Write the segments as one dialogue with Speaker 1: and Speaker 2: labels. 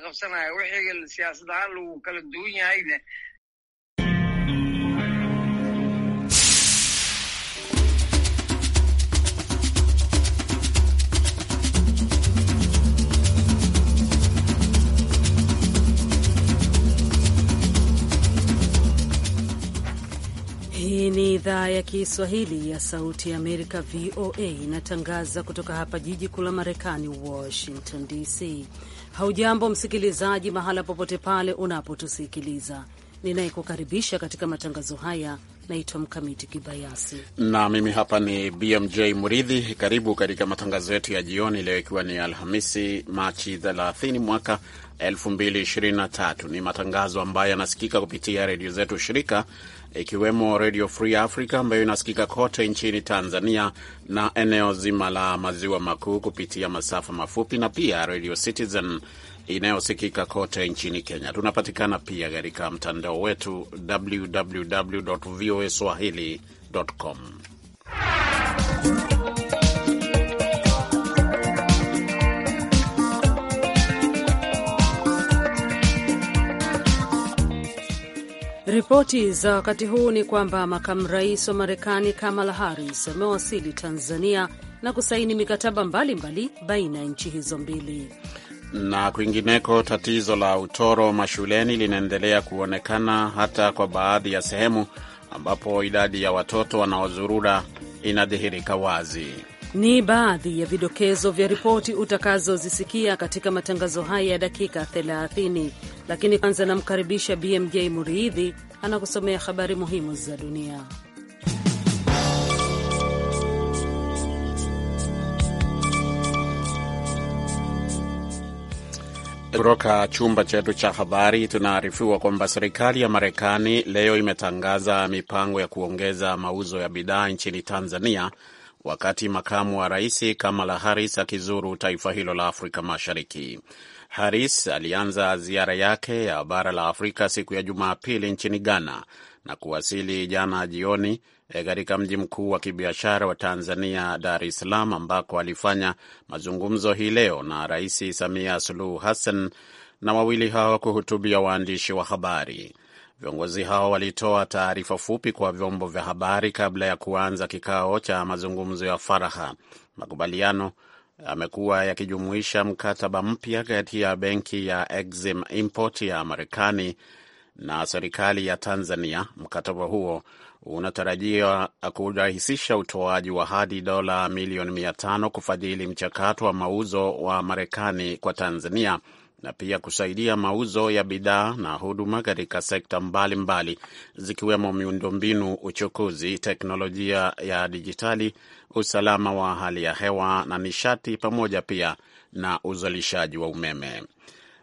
Speaker 1: la qabsanaya wixii siyaasad ahaan lagu kala duwan yahayna
Speaker 2: Hii ni idhaa ya Kiswahili ya Sauti ya Amerika, VOA, inatangaza kutoka hapa jiji kuu la Marekani, Washington DC. Haujambo msikilizaji, mahala popote pale unapotusikiliza. Ninayekukaribisha katika matangazo haya naitwa Mkamiti Kibayasi
Speaker 3: na mimi hapa ni BMJ Muridhi. Karibu katika matangazo yetu ya jioni leo, ikiwa ni Alhamisi Machi 30 mwaka 2023. Ni matangazo ambayo yanasikika kupitia redio zetu shirika, ikiwemo Redio Free Africa ambayo inasikika kote nchini Tanzania na eneo zima la maziwa makuu kupitia masafa mafupi na pia Radio Citizen inayosikika kote nchini Kenya. Tunapatikana pia katika mtandao wetu www voa swahili
Speaker 2: Ripoti za wakati huu ni kwamba makamu rais wa Marekani Kamala Harris amewasili Tanzania na kusaini mikataba mbalimbali baina ya nchi hizo mbili.
Speaker 3: Na kwingineko, tatizo la utoro mashuleni linaendelea kuonekana hata kwa baadhi ya sehemu ambapo idadi ya watoto wanaozurura inadhihirika wazi.
Speaker 2: Ni baadhi ya vidokezo vya ripoti utakazozisikia katika matangazo haya ya dakika 30, lakini kwanza namkaribisha BMJ Muridhi anakusomea habari muhimu za dunia.
Speaker 3: Kutoka chumba chetu cha habari tunaarifiwa kwamba serikali ya Marekani leo imetangaza mipango ya kuongeza mauzo ya bidhaa nchini Tanzania wakati makamu wa rais Kamala Harris akizuru taifa hilo la Afrika Mashariki. Harris alianza ziara yake ya bara la Afrika siku ya Jumapili nchini Ghana na kuwasili jana jioni eh, katika mji mkuu wa kibiashara wa Tanzania, Dar es Salaam, ambako alifanya mazungumzo hii leo na Rais Samia Suluhu Hassan na wawili hao kuhutubia waandishi wa habari. Viongozi hao walitoa taarifa fupi kwa vyombo vya habari kabla ya kuanza kikao cha mazungumzo ya faraha. Makubaliano yamekuwa yakijumuisha mkataba mpya kati ya benki ya Exim Import ya Marekani na serikali ya Tanzania. Mkataba huo unatarajiwa kurahisisha utoaji wa hadi dola milioni mia tano kufadhili mchakato wa mauzo wa Marekani kwa Tanzania na pia kusaidia mauzo ya bidhaa na huduma katika sekta mbalimbali zikiwemo miundombinu, uchukuzi, teknolojia ya dijitali, usalama wa hali ya hewa na nishati, pamoja pia na uzalishaji wa umeme.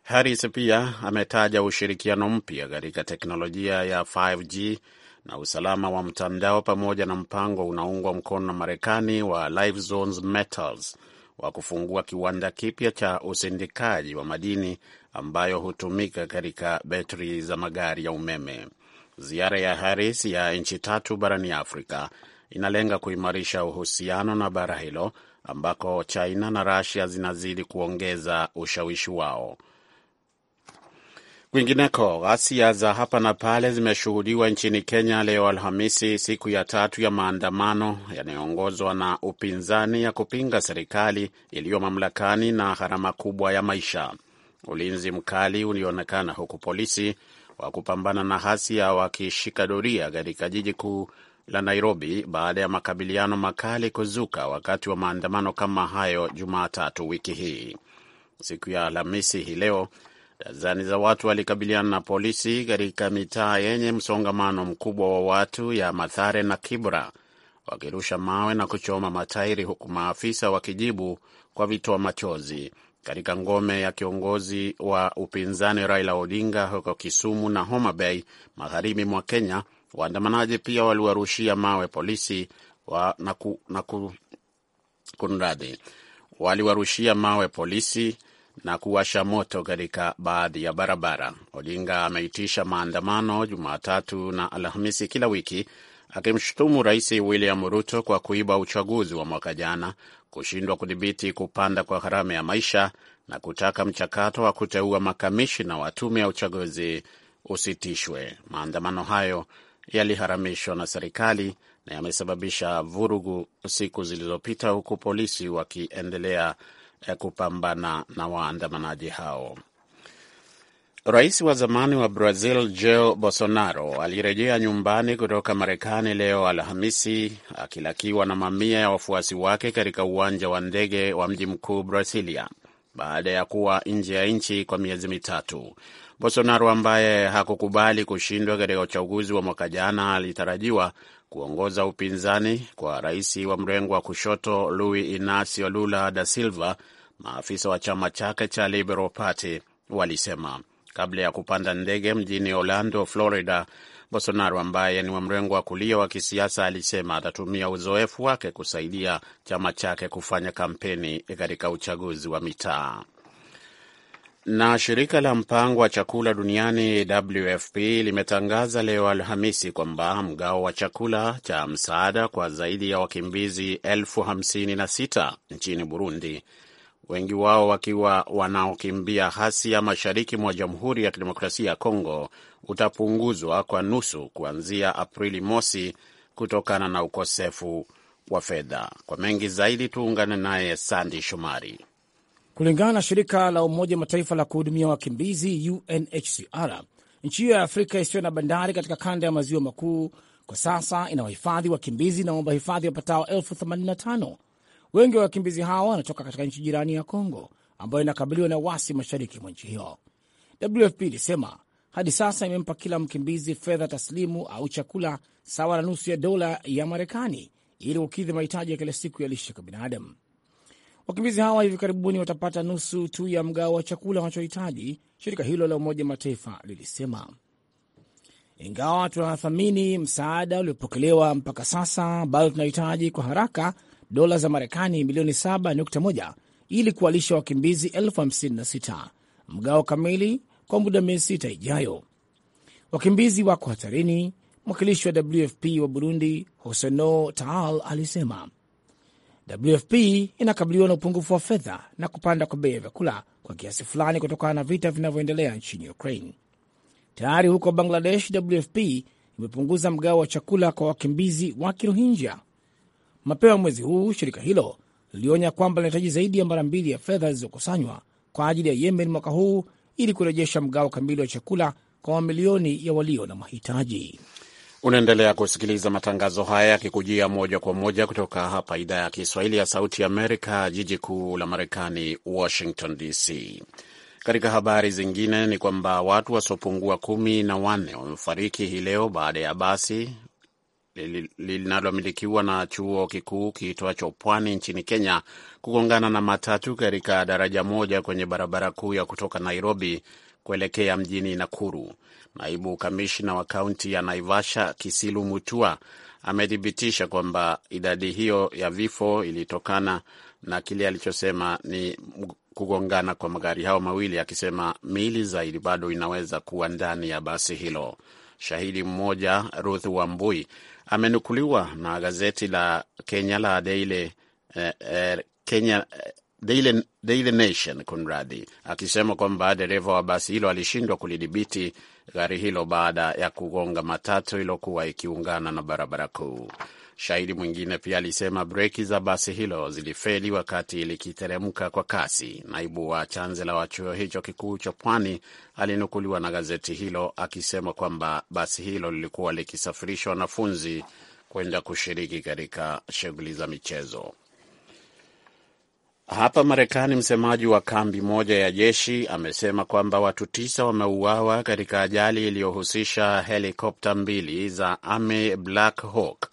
Speaker 3: Harris pia ametaja ushirikiano mpya katika teknolojia ya 5G na usalama wa mtandao pamoja na mpango unaungwa mkono na Marekani wa Life Zones Metals wa kufungua kiwanda kipya cha usindikaji wa madini ambayo hutumika katika betri za magari ya umeme. Ziara ya Harris ya nchi tatu barani Afrika inalenga kuimarisha uhusiano na bara hilo ambako China na Russia zinazidi kuongeza ushawishi wao. Kwingineko, ghasia za hapa na pale zimeshuhudiwa nchini Kenya leo Alhamisi, siku ya tatu ya maandamano yanayoongozwa na upinzani ya kupinga serikali iliyo mamlakani na gharama kubwa ya maisha. Ulinzi mkali ulionekana huku polisi wa kupambana na ghasia wakishika doria katika jiji kuu la Nairobi baada ya makabiliano makali kuzuka wakati wa maandamano kama hayo Jumatatu wiki hii. Siku ya Alhamisi hii leo Dazani za watu walikabiliana na polisi katika mitaa yenye msongamano mkubwa wa watu ya Mathare na Kibra, wakirusha mawe na kuchoma matairi, huku maafisa wakijibu kwa vitoa machozi katika ngome ya kiongozi wa upinzani Raila Odinga huko Kisumu na Homa Bay, magharibi mwa Kenya. Waandamanaji pia waliwarushia mawe polisi wa, na ku, na ku, kunradhi, waliwarushia mawe polisi na kuwasha moto katika baadhi ya barabara. Odinga ameitisha maandamano Jumatatu na Alhamisi kila wiki akimshutumu Rais William Ruto kwa kuiba uchaguzi wa mwaka jana, kushindwa kudhibiti kupanda kwa gharama ya maisha na kutaka mchakato wa kuteua makamishna wa tume ya uchaguzi usitishwe. Maandamano hayo yaliharamishwa na serikali na yamesababisha vurugu siku zilizopita, huku polisi wakiendelea Eh, kupambana na waandamanaji hao. Rais wa zamani wa Brazil Jair Bolsonaro alirejea nyumbani kutoka Marekani leo Alhamisi akilakiwa na mamia ya wafuasi wake katika uwanja wa ndege wa mji mkuu Brasilia baada ya kuwa nje ya nchi kwa miezi mitatu. Bolsonaro ambaye hakukubali kushindwa katika uchaguzi wa mwaka jana alitarajiwa kuongoza upinzani kwa rais wa mrengo wa kushoto Luis Inacio Lula da Silva, maafisa wa chama chake cha Liberal Party walisema kabla ya kupanda ndege mjini Orlando, Florida. Bolsonaro ambaye ni wa mrengo wa kulia wa kisiasa alisema atatumia uzoefu wake kusaidia chama chake kufanya kampeni katika uchaguzi wa mitaa. Na shirika la mpango wa chakula duniani WFP limetangaza leo Alhamisi kwamba mgao wa chakula cha msaada kwa zaidi ya wakimbizi elfu hamsini na sita nchini Burundi, wengi wao wakiwa wanaokimbia ghasia mashariki mwa Jamhuri ya Kidemokrasia ya Kongo, utapunguzwa kwa nusu kuanzia Aprili mosi kutokana na ukosefu wa fedha. Kwa mengi zaidi tuungane naye Sandi Shomari.
Speaker 1: Kulingana na shirika la Umoja Mataifa la kuhudumia wakimbizi UNHCR, nchi hiyo ya Afrika isiyo na bandari katika kanda ya maziwa makuu kwa sasa ina wahifadhi wakimbizi na waomba hifadhi wapatao elfu Wengi wa wakimbizi hawa wanatoka katika nchi jirani ya Congo ambayo inakabiliwa na wasi mashariki mwa nchi hiyo. WFP ilisema hadi sasa imempa kila mkimbizi fedha taslimu au chakula sawa na nusu ya dola ya Marekani ili kukidhi mahitaji ya kila siku ya lishe kwa binadamu. Wakimbizi hawa hivi karibuni watapata nusu tu ya mgao wa chakula wanachohitaji, shirika hilo la Umoja Mataifa lilisema. Ingawa tunathamini msaada uliopokelewa mpaka sasa, bado tunahitaji kwa haraka dola za Marekani milioni 7.1 ili kuwalisha wakimbizi elfu 56 mgao kamili kwa muda miezi sita ijayo. Wakimbizi wako hatarini, mwakilishi wa WFP wa Burundi Hosono Taal alisema. WFP inakabiliwa na upungufu wa fedha na kupanda kwa bei ya vyakula kwa kiasi fulani kutokana na vita vinavyoendelea nchini Ukraine. Tayari huko Bangladesh, WFP imepunguza mgao wa chakula kwa wakimbizi wa Kirohinja. Mapema mwezi huu shirika hilo lilionya kwamba linahitaji zaidi ya mara mbili ya fedha zilizokusanywa kwa ajili ya Yemen mwaka huu ili kurejesha mgao kamili wa chakula kwa mamilioni ya walio na mahitaji.
Speaker 3: Unaendelea kusikiliza matangazo haya yakikujia moja kwa moja kutoka hapa idhaa ya Kiswahili ya Sauti Amerika, jiji kuu la Marekani, Washington DC. Katika habari zingine ni kwamba watu wasiopungua kumi na wanne wamefariki hii leo baada ya basi linalomilikiwa na chuo kikuu kiitwacho Pwani nchini Kenya kugongana na matatu katika daraja moja kwenye barabara kuu ya kutoka Nairobi kuelekea mjini Nakuru. Naibu kamishna wa kaunti ya Naivasha Kisilu Mutua amethibitisha kwamba idadi hiyo ya vifo ilitokana na kile alichosema ni kugongana kwa magari hao mawili, akisema miili zaidi bado inaweza kuwa ndani ya basi hilo. Shahidi mmoja Ruth Wambui amenukuliwa na gazeti la Kenya la Daily, eh, eh, Kenya Daily, Daily Nation kunradhi, akisema kwamba dereva wa basi hilo alishindwa kulidhibiti gari hilo baada ya kugonga matatu iliokuwa ikiungana na barabara kuu. Shahidi mwingine pia alisema breki za basi hilo zilifeli wakati likiteremka kwa kasi. Naibu wa chanzela wa chuo hicho kikuu cha Pwani alinukuliwa na gazeti hilo akisema kwamba basi hilo lilikuwa likisafirisha wanafunzi kwenda kushiriki katika shughuli za michezo. Hapa Marekani, msemaji wa kambi moja ya jeshi amesema kwamba watu tisa wameuawa katika ajali iliyohusisha helikopta mbili za Army Black Hawk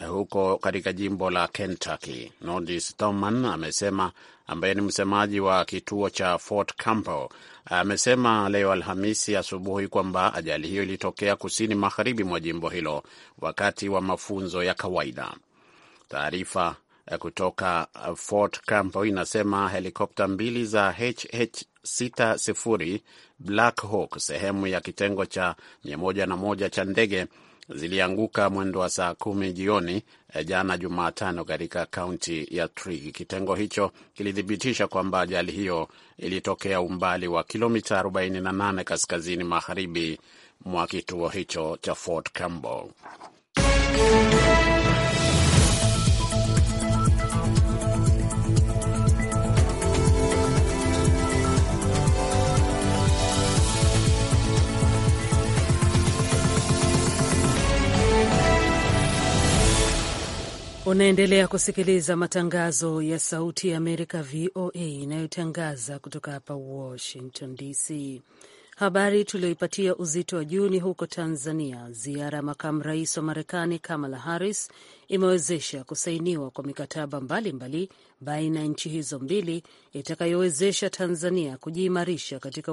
Speaker 3: eh, huko katika jimbo la Kentucky. Nordis Thoman amesema, ambaye ni msemaji wa kituo cha Fort Campbell, amesema leo Alhamisi asubuhi kwamba ajali hiyo ilitokea kusini magharibi mwa jimbo hilo wakati wa mafunzo ya kawaida. Taarifa Eh, kutoka eh, Fort Campbell inasema helikopta mbili za HH60 Black Hawk sehemu ya kitengo cha 101 cha ndege zilianguka mwendo wa saa kumi jioni eh, jana Jumatano katika kaunti ya Trig. Kitengo hicho kilithibitisha kwamba ajali hiyo ilitokea umbali wa kilomita 48 kaskazini magharibi mwa kituo hicho cha Fort Campbell.
Speaker 2: Unaendelea kusikiliza matangazo ya Sauti ya Amerika, VOA, inayotangaza kutoka hapa Washington DC. Habari tuliyoipatia uzito wa juu ni huko Tanzania. Ziara ya makamu rais wa Marekani Kamala Harris imewezesha kusainiwa kwa mikataba mbalimbali baina ya nchi hizo mbili itakayowezesha Tanzania kujiimarisha katika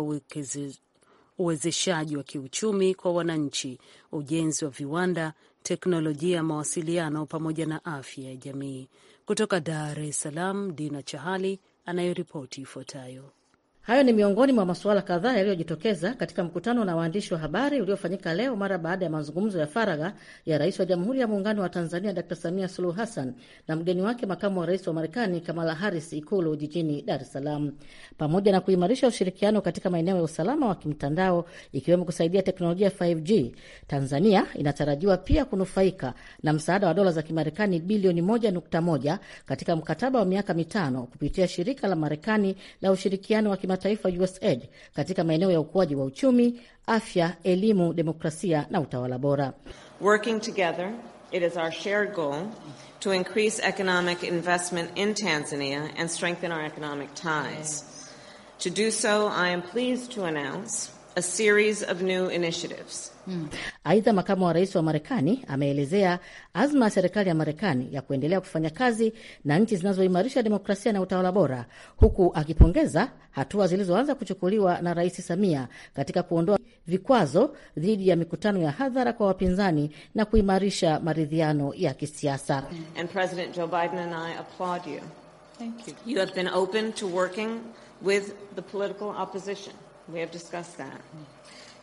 Speaker 2: uwezeshaji wa kiuchumi kwa wananchi, ujenzi wa viwanda teknolojia ya mawasiliano pamoja na afya ya jamii. Kutoka Dar es Salaam, Dina Chahali
Speaker 4: anayoripoti ifuatayo. Hayo ni miongoni mwa masuala kadhaa yaliyojitokeza katika mkutano na waandishi wa habari uliofanyika leo mara baada ya mazungumzo ya faragha ya Rais wa Jamhuri ya Muungano wa Tanzania Dr. Samia Suluhu Hassan na mgeni wake Makamu wa Rais wa Marekani Kamala Harris Ikulu jijini Dar es Salaam, pamoja na kuimarisha ushirikiano katika maeneo ya usalama wa kimtandao ikiwemo kusaidia teknolojia 5G. Tanzania inatarajiwa pia kunufaika na msaada wa dola za Kimarekani bilioni 1.1 katika mkataba wa miaka mitano kupitia shirika la Marekani la ushirikiano wa kimataifa USAID katika maeneo ya ukuaji wa uchumi, afya, elimu, demokrasia na utawala bora. Working together, it is our shared goal to increase economic investment in Tanzania and strengthen our economic ties. To do so, I am pleased to announce a series of new initiatives. Hmm. Aidha, makamu wa rais wa Marekani ameelezea azma ya serikali ya Marekani ya kuendelea kufanya kazi na nchi zinazoimarisha demokrasia na utawala bora, huku akipongeza hatua zilizoanza kuchukuliwa na Rais Samia katika kuondoa vikwazo dhidi ya mikutano ya hadhara kwa wapinzani na kuimarisha maridhiano ya kisiasa. And President Joe Biden and I applaud you. Thank you. You have been open to working with the political opposition. We have discussed that.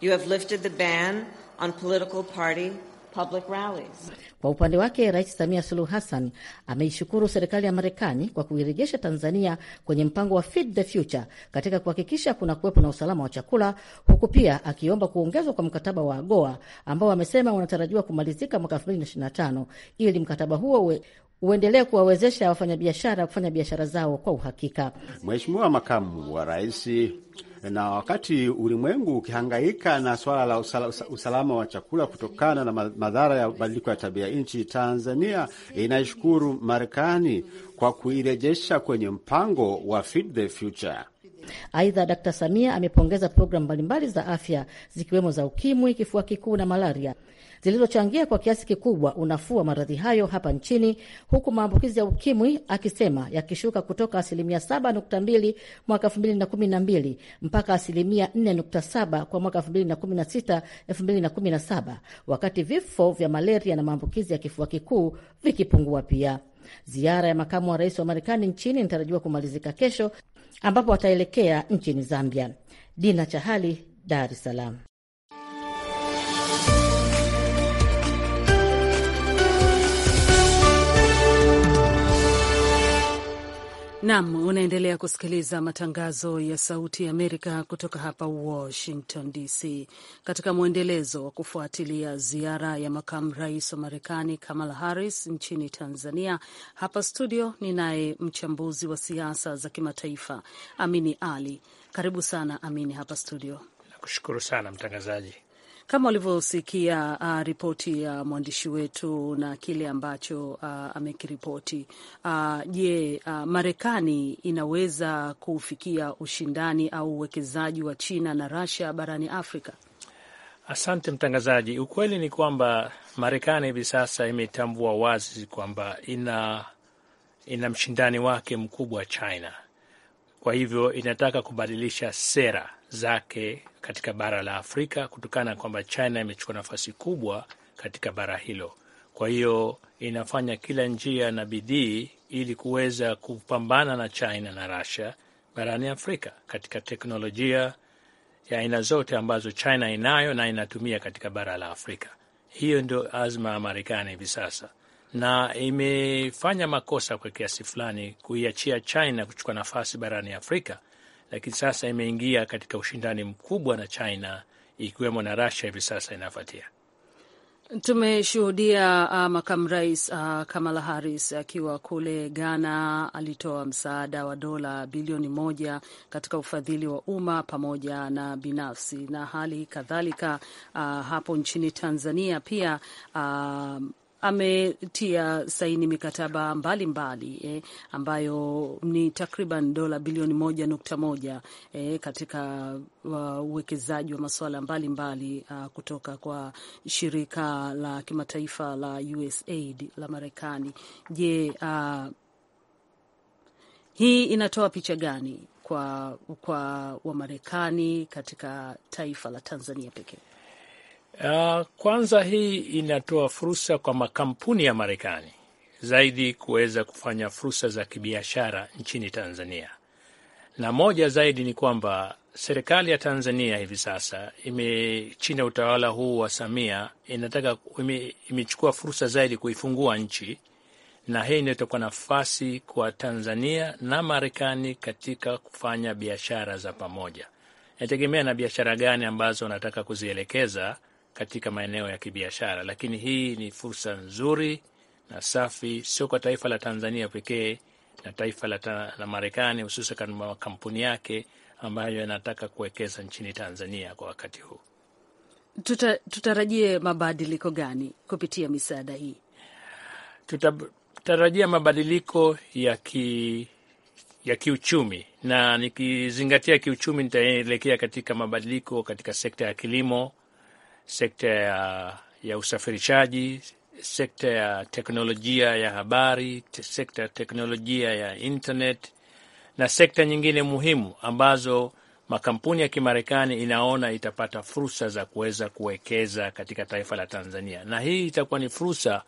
Speaker 4: You have lifted the ban on political party public rallies. Kwa upande wake Rais Samia Suluhu Hassan ameishukuru serikali ya Marekani kwa kuirejesha Tanzania kwenye mpango wa Feed the Future katika kuhakikisha kuna kuwepo na usalama wa chakula, huku pia akiomba kuongezwa kwa mkataba wa AGOA ambao amesema unatarajiwa kumalizika mwaka 2025 ili mkataba huo uwe uendelee kuwawezesha wafanyabiashara kufanya biashara zao kwa uhakika.
Speaker 3: Mheshimiwa Makamu wa Rais na wakati ulimwengu ukihangaika na suala la usalama wa chakula kutokana na madhara ya mabadiliko ya tabia nchi, Tanzania inaishukuru Marekani kwa kuirejesha kwenye mpango wa Feed the Future.
Speaker 4: Aidha, Dkt Samia amepongeza programu mbalimbali za afya zikiwemo za ukimwi, kifua kikuu na malaria zilizochangia kwa kiasi kikubwa unafuu wa maradhi hayo hapa nchini, huku maambukizi ya ukimwi akisema yakishuka kutoka asilimia 7.2 mwaka 2012 mpaka asilimia 4.7 kwa mwaka 2016 2017, wakati vifo vya malaria na maambukizi ya kifua kikuu vikipungua pia. Ziara ya makamu wa rais wa Marekani nchini inatarajiwa kumalizika kesho, ambapo wataelekea nchini Zambia. Dina Chahali, Dar es Salaam.
Speaker 2: Nam, unaendelea kusikiliza matangazo ya Sauti ya Amerika kutoka hapa Washington DC. Katika mwendelezo wa kufuatilia ziara ya makamu rais wa Marekani Kamala Harris nchini Tanzania, hapa studio ninaye mchambuzi wa siasa za kimataifa Amini Ali. Karibu sana Amini hapa studio.
Speaker 5: Nakushukuru sana mtangazaji.
Speaker 2: Kama ulivyosikia uh, ripoti ya uh, mwandishi wetu na kile ambacho uh, amekiripoti. Uh, je, uh, uh, Marekani inaweza kufikia ushindani au uwekezaji wa China na Russia barani Afrika?
Speaker 5: Asante mtangazaji. Ukweli ni kwamba Marekani hivi sasa imetambua wazi kwamba ina, ina mshindani wake mkubwa China kwa hivyo inataka kubadilisha sera zake katika bara la Afrika kutokana na kwamba China imechukua nafasi kubwa katika bara hilo. Kwa hiyo inafanya kila njia na bidii ili kuweza kupambana na China na Russia barani Afrika katika teknolojia ya aina zote ambazo China inayo na inatumia katika bara la Afrika. Hiyo ndio azma ya Marekani hivi sasa na imefanya makosa kwa kiasi fulani kuiachia China kuchukua nafasi barani Afrika, lakini sasa imeingia katika ushindani mkubwa na China ikiwemo na Russia hivi sasa inafuatia.
Speaker 2: Tumeshuhudia uh, makamu rais uh, Kamala Harris akiwa kule Ghana alitoa msaada wa dola bilioni moja katika ufadhili wa umma pamoja na binafsi, na hali kadhalika uh, hapo nchini Tanzania pia uh, ametia saini mikataba mbalimbali mbali, eh, ambayo ni takriban dola bilioni moja nukta moja eh, katika uwekezaji wa, masuala mbalimbali uh, kutoka kwa shirika la kimataifa la USAID la Marekani. Je, uh, hii inatoa picha gani kwa, kwa Wamarekani katika taifa la Tanzania pekee?
Speaker 5: Uh, kwanza hii inatoa fursa kwa makampuni ya Marekani zaidi kuweza kufanya fursa za kibiashara nchini Tanzania, na moja zaidi ni kwamba serikali ya Tanzania hivi sasa ime chini ya utawala huu wa Samia inataka imechukua fursa zaidi kuifungua nchi, na hii inatokwa nafasi kwa Tanzania na Marekani katika kufanya biashara za pamoja. Inategemea na biashara gani ambazo wanataka kuzielekeza katika maeneo ya kibiashara, lakini hii ni fursa nzuri na safi, sio kwa taifa la Tanzania pekee na taifa la, ta la Marekani, hususan makampuni yake ambayo yanataka kuwekeza nchini Tanzania kwa wakati huu.
Speaker 2: Tuta, tutarajie mabadiliko gani kupitia misaada
Speaker 5: hii? Tutatarajia mabadiliko ya ki ya kiuchumi na nikizingatia kiuchumi, nitaelekea katika mabadiliko katika sekta ya kilimo sekta ya, ya usafirishaji, sekta ya teknolojia ya habari, sekta ya teknolojia ya internet na sekta nyingine muhimu ambazo makampuni ya Kimarekani inaona itapata fursa za kuweza kuwekeza katika taifa la Tanzania, na hii itakuwa ni fursa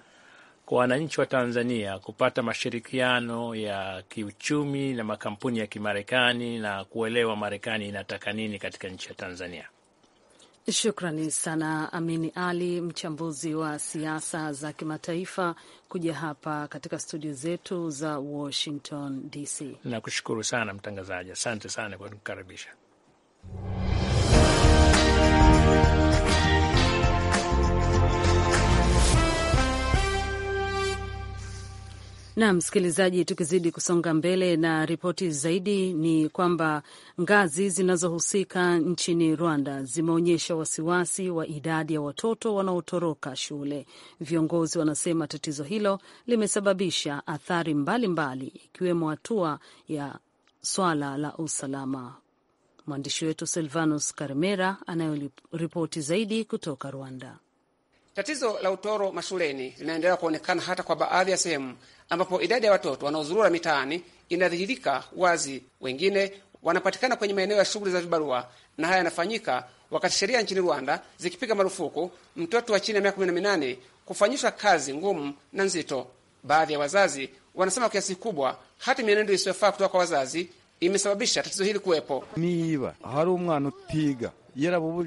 Speaker 5: kwa wananchi wa Tanzania kupata mashirikiano ya kiuchumi na makampuni ya Kimarekani na kuelewa Marekani inataka nini katika nchi ya Tanzania.
Speaker 2: Shukrani sana Amini Ali, mchambuzi wa siasa za kimataifa, kuja hapa katika studio zetu za Washington DC.
Speaker 5: Nakushukuru sana mtangazaji, asante sana kwa kunikaribisha.
Speaker 2: Na msikilizaji, tukizidi kusonga mbele na ripoti zaidi ni kwamba ngazi zinazohusika nchini Rwanda zimeonyesha wasiwasi wa idadi ya watoto wanaotoroka shule. Viongozi wanasema tatizo hilo limesababisha athari mbalimbali ikiwemo hatua ya swala la usalama. Mwandishi wetu Silvanus Karemera anayoripoti zaidi kutoka Rwanda.
Speaker 6: Tatizo la utoro mashuleni linaendelea kuonekana hata kwa baadhi ya sehemu ambapo idadi ya watoto wanaozurura mitaani inadhihirika wazi. Wengine wanapatikana kwenye maeneo ya shughuli za vibarua, na haya yanafanyika wakati sheria nchini Rwanda zikipiga marufuku mtoto wa chini ya miaka 18 kufanyishwa kazi ngumu na nzito. Baadhi ya wazazi wanasema kwa kiasi kikubwa hata mienendo isiyofaa kutoka kwa wazazi imesababisha tatizo hili kuwepo.
Speaker 7: niiva hari umwana utiga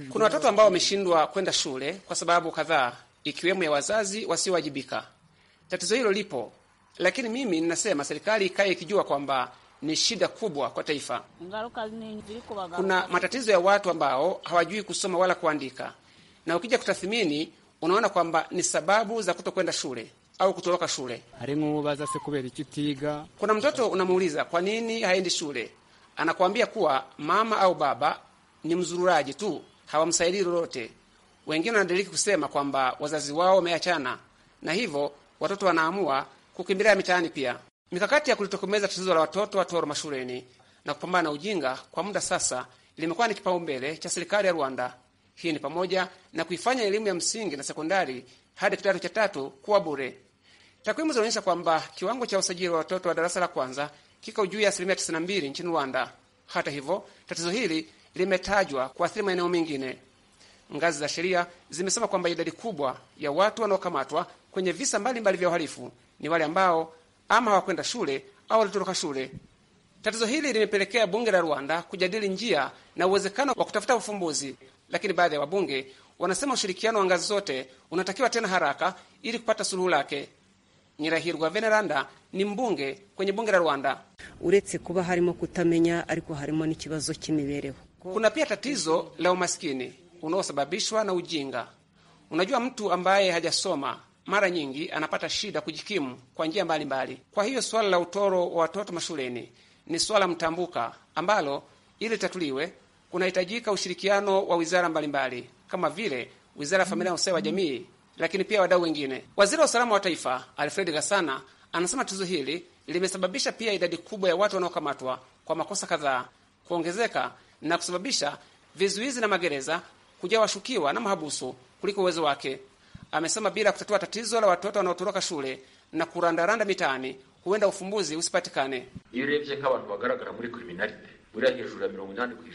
Speaker 7: kuna
Speaker 6: watoto ambao wameshindwa kwenda shule kwa sababu kadhaa, ikiwemo ya wazazi wasiowajibika. Tatizo hilo lipo, lakini mimi ninasema serikali ikaye ikijua kwamba ni shida kubwa kwa taifa. Kuna matatizo ya watu ambao hawajui kusoma wala kuandika, na ukija kutathimini unaona kwamba ni sababu za kutokwenda shule au kutoroka shule. Kuna mtoto unamuuliza kwa nini haendi shule, anakuambia kuwa mama au baba ni mzururaji tu, hawamsaidii lolote. Wengine wanadiriki kusema kwamba wazazi wao wameachana na hivyo watoto wanaamua kukimbilia mitaani. Pia mikakati ya kulitokomeza tatizo la watoto watoro mashuleni na kupambana na ujinga kwa muda sasa limekuwa ni kipaumbele cha serikali ya Rwanda. Hii ni pamoja na kuifanya elimu ya msingi na sekondari hadi kidato cha tatu kuwa bure. Takwimu zinaonyesha kwamba kiwango cha usajili wa watoto wa darasa la kwanza kiko juu ya asilimia 92 nchini Rwanda. Hata hivyo, tatizo hili limetajwa kuathiri maeneo mengine. Ngazi za sheria zimesema kwamba idadi kubwa ya watu wanaokamatwa kwenye visa mbalimbali mbali vya uhalifu ni wale ambao ama hawakwenda shule au walitoroka shule. Tatizo hili limepelekea bunge la Rwanda kujadili njia na uwezekano wa kutafuta ufumbuzi, lakini baadhi ya wabunge wanasema ushirikiano wa ngazi zote unatakiwa tena haraka ili kupata suluhu lake. Nyirahirwa Veneranda ni mbunge kwenye bunge la Rwanda.
Speaker 2: uretse kuba harimo kutamenya ariko harimo n'ikibazo cy'imibereho
Speaker 6: kuna pia tatizo la umaskini unaosababishwa na ujinga. Unajua, mtu ambaye hajasoma mara nyingi anapata shida kujikimu kwa njia mbalimbali. Kwa hiyo swala la utoro wa watoto mashuleni ni swala mtambuka ambalo ili litatuliwe kunahitajika ushirikiano wa wizara mbalimbali kama vile wizara ya familia na ustawi wa jamii, lakini pia wadau wengine. Waziri wa usalama wa taifa Alfred Gasana anasema tatizo hili limesababisha pia idadi kubwa ya watu wanaokamatwa kwa makosa kadhaa kuongezeka na kusababisha vizuizi na magereza kujaa washukiwa na mahabusu kuliko uwezo wake. Amesema bila kutatua tatizo la watoto wanaotoroka shule na kurandaranda mitaani, huenda ufumbuzi usipatikane.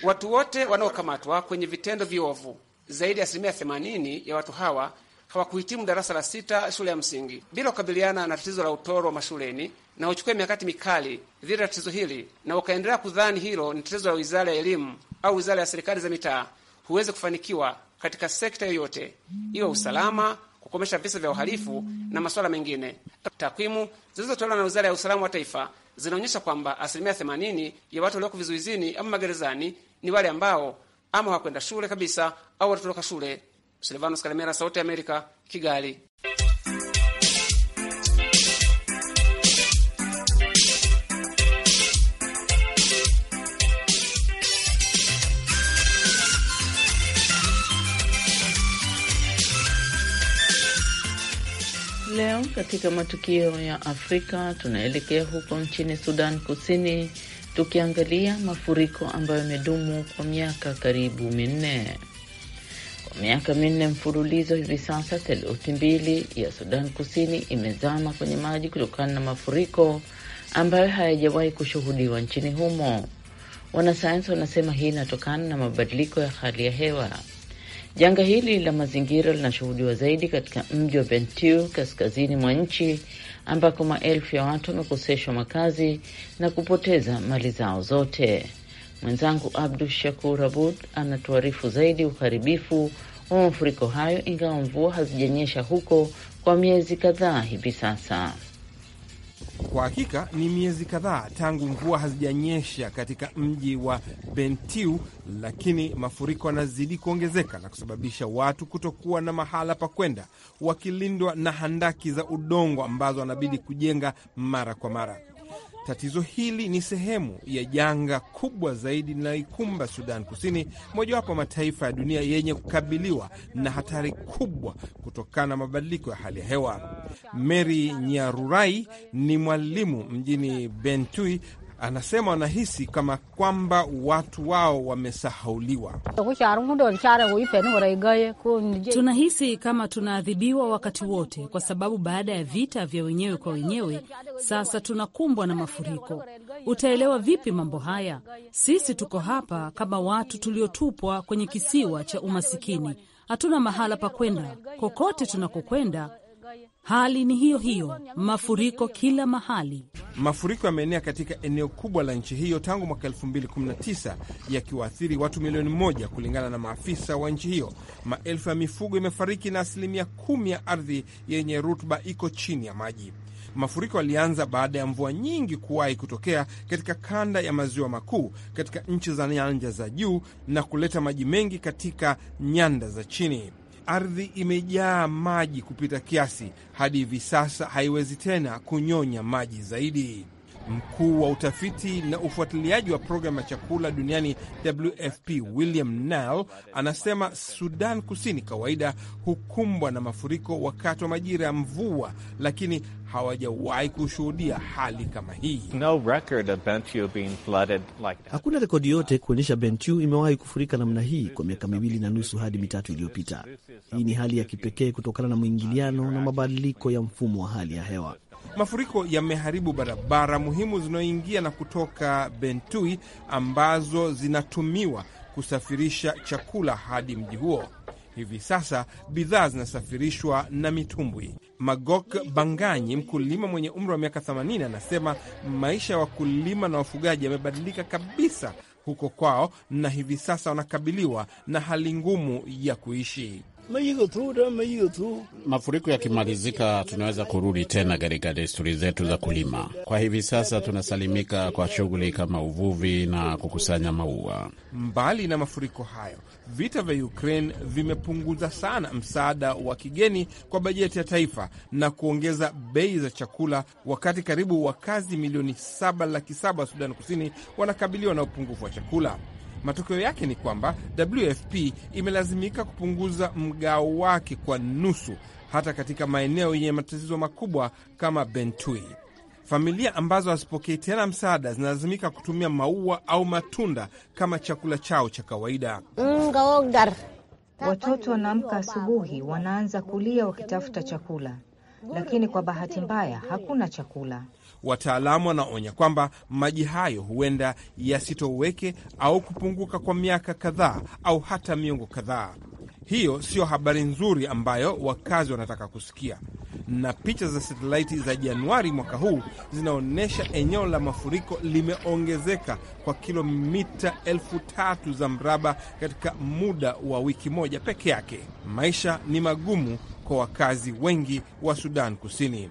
Speaker 6: Watu wote wanaokamatwa kwenye vitendo viovu, zaidi ya asilimia 80 ya watu hawa hawakuhitimu darasa la sita shule ya msingi. Bila kukabiliana na tatizo la utoro wa mashuleni na uchukue mikakati mikali dhidi ya tatizo hili, na ukaendelea kudhani hilo ni tatizo la wizara ya elimu au wizara ya serikali za mitaa, huwezi kufanikiwa katika sekta yoyote, iwe usalama, kukomesha visa vya uhalifu na masuala mengine. Takwimu zilizotolewa na Wizara ya Usalama wa Taifa zinaonyesha kwamba asilimia 0 ya watu walioko vizuizini ama magerezani ni wale ambao ama hawakwenda shule kabisa au walitoroka shule. Silvanos Kalemera, Sauti ya Amerika, Kigali.
Speaker 4: Leo katika matukio ya Afrika tunaelekea huko nchini Sudan Kusini, tukiangalia mafuriko ambayo yamedumu kwa miaka karibu minne. Kwa miaka minne mfululizo, hivi sasa theluthi mbili ya Sudan Kusini imezama kwenye maji kutokana na mafuriko ambayo hayajawahi kushuhudiwa nchini humo. Wanasayansi wanasema hii inatokana na mabadiliko ya hali ya hewa. Janga hili la mazingira linashuhudiwa zaidi katika mji wa Bentiu kaskazini mwa nchi ambako maelfu ya watu wamekoseshwa makazi na kupoteza mali zao zote. Mwenzangu Abdu Shakur Abud anatuarifu zaidi uharibifu wa mafuriko hayo, ingawa mvua hazijanyesha huko kwa miezi kadhaa hivi sasa.
Speaker 7: Kwa hakika ni miezi kadhaa tangu mvua hazijanyesha katika mji wa Bentiu, lakini mafuriko yanazidi kuongezeka na kusababisha watu kutokuwa na mahala pa kwenda, wakilindwa na handaki za udongo ambazo wanabidi kujenga mara kwa mara. Tatizo hili ni sehemu ya janga kubwa zaidi linaloikumba Sudan Kusini, mojawapo mataifa ya dunia yenye kukabiliwa na hatari kubwa kutokana na mabadiliko ya hali ya hewa. Mary Nyarurai ni mwalimu mjini Bentui anasema wanahisi kama kwamba watu wao wamesahauliwa. Tunahisi kama tunaadhibiwa wakati wote, kwa sababu
Speaker 2: baada ya vita vya wenyewe kwa wenyewe, sasa tunakumbwa na mafuriko. Utaelewa vipi mambo haya? Sisi tuko hapa kama watu tuliotupwa kwenye kisiwa cha umasikini, hatuna mahala pa kwenda. Kokote tunakokwenda Hali ni hiyo hiyo, mafuriko kila mahali.
Speaker 7: Mafuriko yameenea katika eneo kubwa la nchi hiyo tangu mwaka 2019 yakiwaathiri watu milioni moja, kulingana na maafisa wa nchi hiyo. Maelfu ya mifugo imefariki na asilimia kumi ya ardhi yenye rutuba iko chini ya maji. Mafuriko yalianza baada ya mvua nyingi kuwahi kutokea katika kanda ya maziwa makuu katika nchi za nyanja za juu na kuleta maji mengi katika nyanda za chini ardhi imejaa maji kupita kiasi hadi hivi sasa haiwezi tena kunyonya maji zaidi. Mkuu wa utafiti na ufuatiliaji wa programu ya chakula duniani WFP William nal anasema Sudan Kusini kawaida hukumbwa na mafuriko wakati wa majira ya mvua, lakini hawajawahi kushuhudia hali kama hii. No record of Bentiu being flooded
Speaker 5: like that. Hakuna rekodi yote kuonyesha Bentiu imewahi kufurika namna hii kwa miaka miwili na nusu hadi mitatu iliyopita. Hii ni hali ya kipekee kutokana na mwingiliano na mabadiliko ya mfumo wa hali ya hewa.
Speaker 7: Mafuriko yameharibu barabara muhimu zinazoingia na kutoka Bentui ambazo zinatumiwa kusafirisha chakula hadi mji huo. Hivi sasa bidhaa zinasafirishwa na mitumbwi. Magok Banganyi, mkulima mwenye umri wa miaka 80, anasema maisha ya wakulima na wafugaji yamebadilika kabisa huko kwao, na hivi sasa wanakabiliwa na hali ngumu ya kuishi.
Speaker 3: Mafuriko yakimalizika, tunaweza kurudi tena katika desturi zetu za kulima. Kwa hivi sasa tunasalimika kwa shughuli kama uvuvi na kukusanya maua.
Speaker 7: Mbali na mafuriko hayo, vita vya Ukraine vimepunguza sana msaada wa kigeni kwa bajeti ya taifa na kuongeza bei za chakula, wakati karibu wakazi milioni saba laki saba wa Sudani Kusini wanakabiliwa na upungufu wa chakula. Matokeo yake ni kwamba WFP imelazimika kupunguza mgao wake kwa nusu, hata katika maeneo yenye matatizo makubwa kama Bentui. Familia ambazo hazipokei tena msaada zinalazimika kutumia maua au matunda kama chakula chao cha kawaida.
Speaker 4: Watoto wanaamka asubuhi, wanaanza kulia wakitafuta chakula, lakini kwa bahati mbaya hakuna chakula.
Speaker 7: Wataalamu wanaonya kwamba maji hayo huenda yasitoweke au kupunguka kwa miaka kadhaa au hata miongo kadhaa. Hiyo siyo habari nzuri ambayo wakazi wanataka kusikia. Na picha za satelaiti za Januari mwaka huu zinaonyesha eneo la mafuriko limeongezeka kwa kilomita elfu tatu za mraba katika muda wa wiki moja peke yake. Maisha ni magumu kwa wakazi wengi wa Sudan Kusini.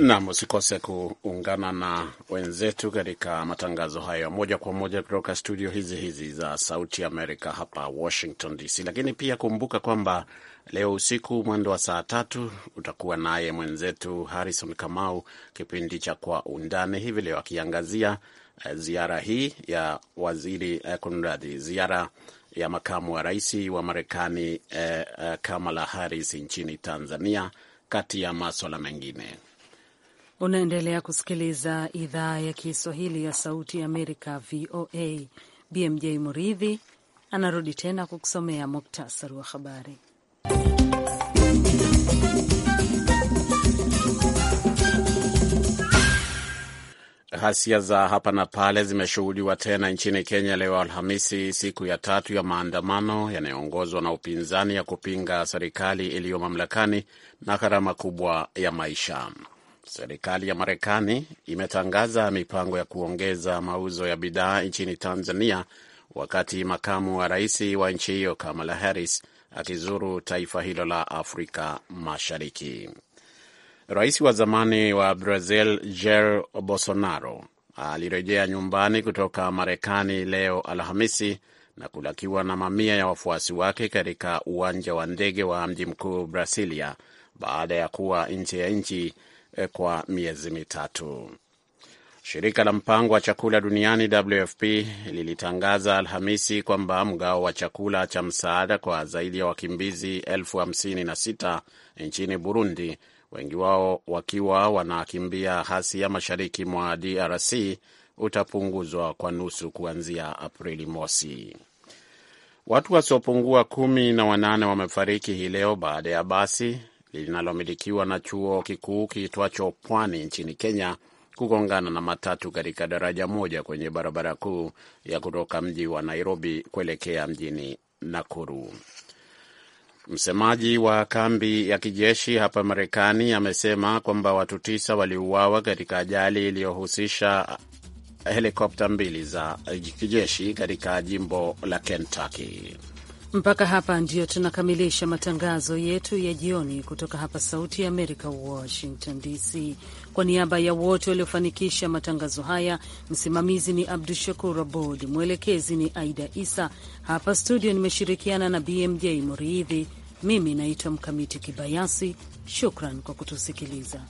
Speaker 3: Nam, usikose kuungana na wenzetu katika matangazo hayo moja kwa moja kutoka studio hizi hizi za Sauti Amerika hapa Washington DC. Lakini pia kumbuka kwamba leo usiku mwendo wa saa tatu utakuwa naye mwenzetu Harrison Kamau, kipindi cha Kwa Undani hivi leo akiangazia eh, ziara hii ya waziri eh, kunradhi, ziara ya makamu wa rais wa Marekani eh, eh Kamala Harris nchini Tanzania, kati ya maswala mengine.
Speaker 2: Unaendelea kusikiliza idhaa ya Kiswahili ya Sauti ya Amerika, VOA. BMJ Muridhi anarudi tena kukusomea muktasari wa habari.
Speaker 3: Ghasia za hapa na pale zimeshuhudiwa tena nchini Kenya leo Alhamisi, siku ya tatu ya maandamano yanayoongozwa na upinzani ya kupinga serikali iliyo mamlakani na gharama kubwa ya maisha. Serikali ya Marekani imetangaza mipango ya kuongeza mauzo ya bidhaa nchini Tanzania wakati makamu wa rais wa nchi hiyo Kamala Harris akizuru taifa hilo la Afrika Mashariki. Rais wa zamani wa Brazil Jair Bolsonaro alirejea nyumbani kutoka Marekani leo Alhamisi na kulakiwa na mamia ya wafuasi wake katika uwanja wa ndege wa mji mkuu Brasilia baada ya kuwa nje ya nchi Eh, kwa miezi mitatu. Shirika la mpango wa chakula duniani WFP lilitangaza Alhamisi kwamba mgao wa chakula cha msaada kwa zaidi ya wakimbizi elfu hamsini na sita nchini Burundi, wengi wao wakiwa wanakimbia ya mashariki mwa DRC utapunguzwa kwa nusu kuanzia Aprili mosi. Watu wasiopungua kumi na wanane wamefariki hii leo baada ya basi linalomilikiwa na chuo kikuu kiitwacho Pwani nchini Kenya kugongana na matatu katika daraja moja kwenye barabara kuu ya kutoka mji wa Nairobi kuelekea mjini Nakuru. Msemaji wa kambi ya kijeshi hapa Marekani amesema kwamba watu tisa waliuawa katika ajali iliyohusisha helikopta mbili za kijeshi katika jimbo la Kentucky.
Speaker 2: Mpaka hapa ndio tunakamilisha matangazo yetu ya jioni kutoka hapa Sauti ya Amerika, Washington DC. Kwa niaba ya wote waliofanikisha matangazo haya, msimamizi ni Abdu Shakur Abod, mwelekezi ni Aida Isa. Hapa studio nimeshirikiana na BMJ Muridhi. Mimi naitwa Mkamiti Kibayasi. Shukran kwa kutusikiliza.